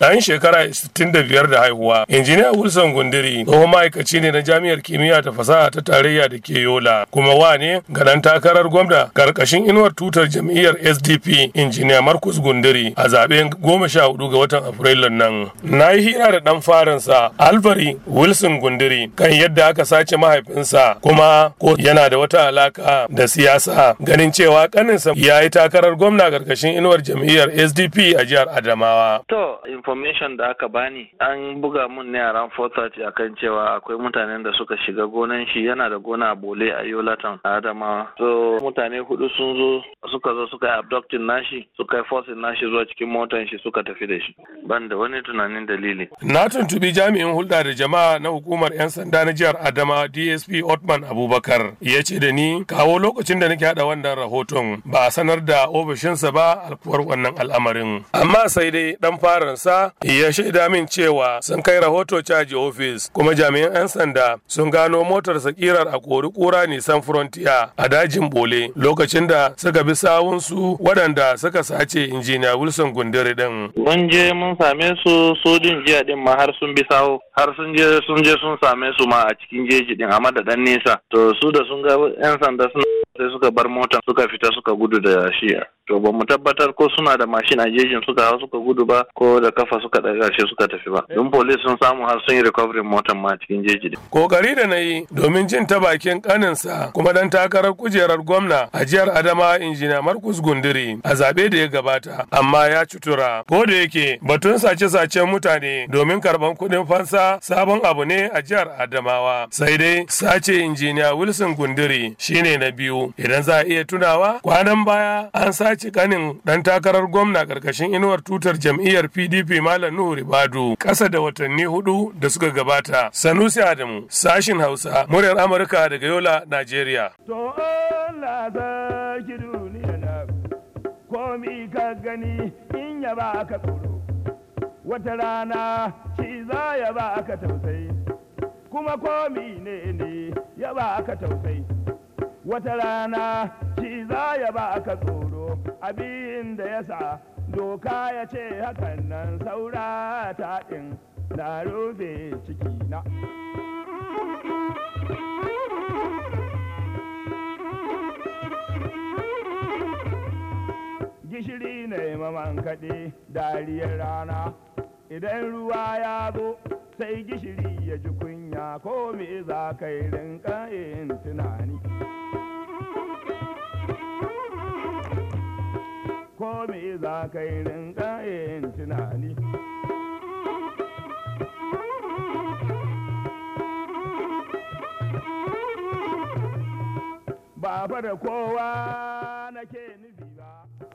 ɗan shekara 65 da haihuwa. Injiniya Wilson Gundiri tsohon ma'aikaci ne na Jami'ar Kimiyya ta Fasaha ta Tarayya da ke Yola kuma wane ga ɗan takarar gwamna karkashin inuwar tutar jam'iyyar SDP Injiniya Markus Gundiri a zaɓen goma sha hudu ga watan Afrilun nan. Na yi hira da ɗan farinsa Alvary Wilson Gundiri kan yadda aka sace mahaifinsa kuma ko yana da wata alaƙa da siyasa ganin cewa kaninsa ya yi takarar gwamna karkashin inuwar jam'iyyar SDP a jihar Adamawa. information da aka bani an buga mun ne a ran 4:30 akan cewa akwai mutanen da suka shiga gonan shi yana da gona a bole a yolatan a adamawa so mutane hudu sun zo suka zo suka yi nashi suka yi forcing nashi zuwa cikin motan shi suka tafi da shi ban da wani tunanin dalili na tuntubi jami'in hulɗa da jama'a na hukumar 'yan sanda na jihar adama dsp otman abubakar ya ce da ni kawo lokacin da nake haɗa wannan rahoton ba a sanar da ofishinsa ba alkuwar wannan al'amarin amma sai dai dan faransa ya shaida min cewa sun kai rahoto caji ofis kuma jami'an 'yan sanda sun gano motar sakirar a kori kura nisan frontier a dajin Bole lokacin da suka bi sawunsu waɗanda suka sace injiniya Wilson Gundiri din. Mun je mun same su din jiya din ma har sun bi sawo har sun je sun je sun same su ma a cikin jeji din amma da dan nesa to su da sun ga 'yan sanda sun sai suka bar motar suka fita suka gudu da shi to ba mu tabbatar ko suna da mashin a jejin suka hau suka gudu ba ko da kafa suka daga shi suka tafi ba don police sun samu har sun yi recovery motar ma cikin jeji kokari da na yi domin jin ta bakin kaninsa kuma dan takarar kujerar gwamna a jihar adama injiniya markus gundiri a zabe da ya gabata amma ya cutura ko da yake batun sace-sacen mutane domin karban kuɗin fansa sabon abu ne a jihar adamawa sai dai sace injiniya wilson gundiri shine na biyu idan za a iya tunawa kwanan baya an sace ci kanin ɗan takarar gwamna karkashin inuwar tutar jam'iyyar PDP Malam Nuhu Ribadu kasa da watanni hudu da suka gabata. Sanusi Adamu, sashin Hausa, muryar Amurka daga Yola, Nigeria. To Allah sarki duniya na ka gani in ya ba ka tsoro. Wata rana shi za ya ba ka tausayi, kuma komi ne ne ya ba ka tausayi. wata rana shi za ya ba ka tsoro abin da ya sa doka ya ce hakan nan saura ta ɗin na rufe ciki na. Gishiri ne maman kaɗe dariyar rana idan ruwa ya zo sai gishiri ya ji kunya ko me za ka yi rinka yin tunani. kai rinka yin tunani ba fa da kowa nake nufi